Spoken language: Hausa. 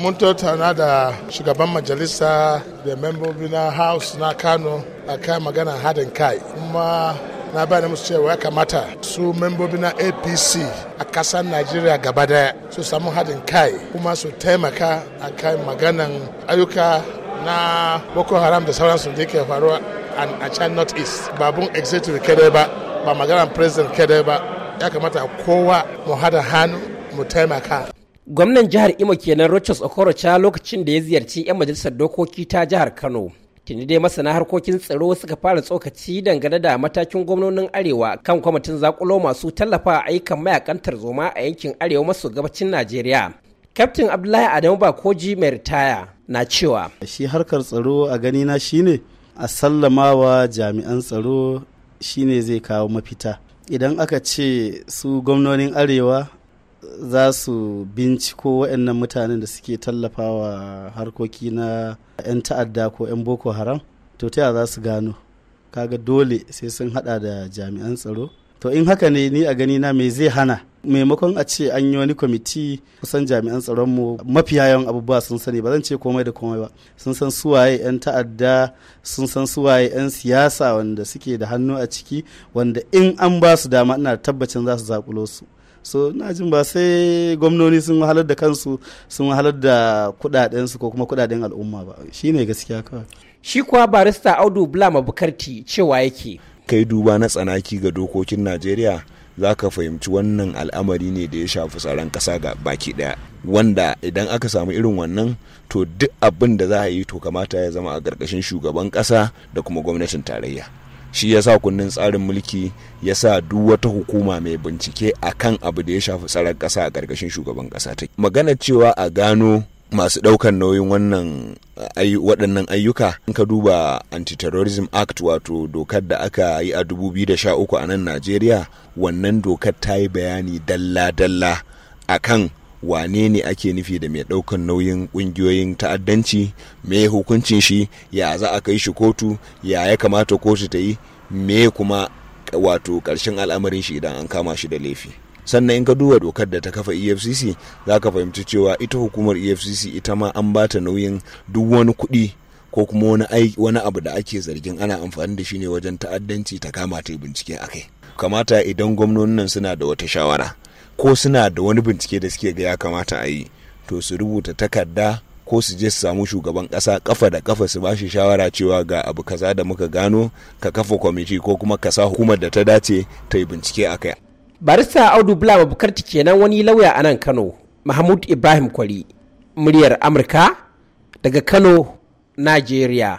mun tattauna da shugaban majalisa da membobi na house na kano a kan magana hadin kai kuma na bayan musu cewa ya kamata su membobi na apc a kasar najeriya gaba daya su samu hadin kai kuma su taimaka a kan maganan ayyuka na boko haram da sauransu da ke faruwa a can north east babun executive kadai ba ba maganan president kadai ba ya kamata kowa mu hada hannu mu taimaka gwamnan jihar imo kenan rochus okorocha lokacin da ya ziyarci 'yan majalisar dokoki ta jihar kano tuni dai masana harkokin tsaro suka fara tsokaci dangane da matakin gwamnonin arewa kan kwamitin zakulo masu tallafa a ayyukan mayakan tarzoma a yankin arewa maso gabacin najeriya kaftin abdullahi adamu bakoji mai ritaya na cewa shi harkar tsaro a gani na shine a sallamawa jami'an tsaro shine zai kawo mafita idan aka ce su gwamnonin arewa za su binciko waɗannan mutanen da suke tallafawa harkoki na 'yan ta'adda ko 'yan boko haram to ta za su gano kaga dole sai sun hada da jami'an tsaro to in haka ne ni a gani na me zai hana maimakon a ce an yi wani kwamiti kusan jami'an tsaron mu mafi yawan abubuwa sun sani ba zan ce komai da komai ba sun san suwaye 'yan ta'adda sun san suwaye 'yan siyasa wanda suke da hannu a ciki wanda in an ba su dama ina tabbacin za su zakulo su so na jin ba sai gwamnoni sun wahalar da kansu sun wahalar da kudadensu ko kuma kudaden al'umma ba shi ne gaskiya kawai shi kuwa barista audu blama bukarti cewa yake kai duba na tsanaki ga dokokin najeriya za ka fahimci wannan al'amari ne da ya shafi tsaron ƙasa ga baki ɗaya wanda idan aka samu irin wannan to duk abin da za a yi to kamata ya zama a ƙarƙashin shugaban ƙasa da kuma gwamnatin tarayya shi ya sa kundin tsarin mulki ya sa duk wata hukuma mai bincike a kan abu da ya shafi tsarar ƙasa a ƙarƙashin shugaban ƙasa ta magana cewa a gano masu ɗaukar nauyin wannan eh, waɗannan ayyuka in ka duba anti-terrorism act wato dokar da aka yi a 2013 a nan najeriya wannan dokar ta yi bayani dalla-dalla a kan. wane ne ake nufi da mai ɗaukan nauyin ƙungiyoyin ta'addanci me hukuncin shi ya za a kai shi kotu ya ya kamata kotu ta yi me kuma wato ƙarshen al'amarin shi idan an kama shi da laifi sannan in ka duba dokar da ta kafa efcc za ka fahimci cewa ita hukumar efcc ita ma an ba ta nauyin duk wani kuɗi ko kuma wani abu da ake zargin ana amfani da shi ne wajen ta'addanci ta kama ta bincike a kai kamata idan gwamnonin nan suna da wata shawara ko suna da wani bincike da suke ga ya kamata a yi to su rubuta takarda ko su je su samu shugaban kasa kafa da kafa su ba shi shawara cewa ga abu kaza da muka gano ka kafa kwamiti ko kuma ka sa hukumar da ta dace ta yi bincike a kai. barista audu bula bukarti kenan wani lauya a nan kano mahmud ibrahim kwari muryar amurka daga kano nigeria.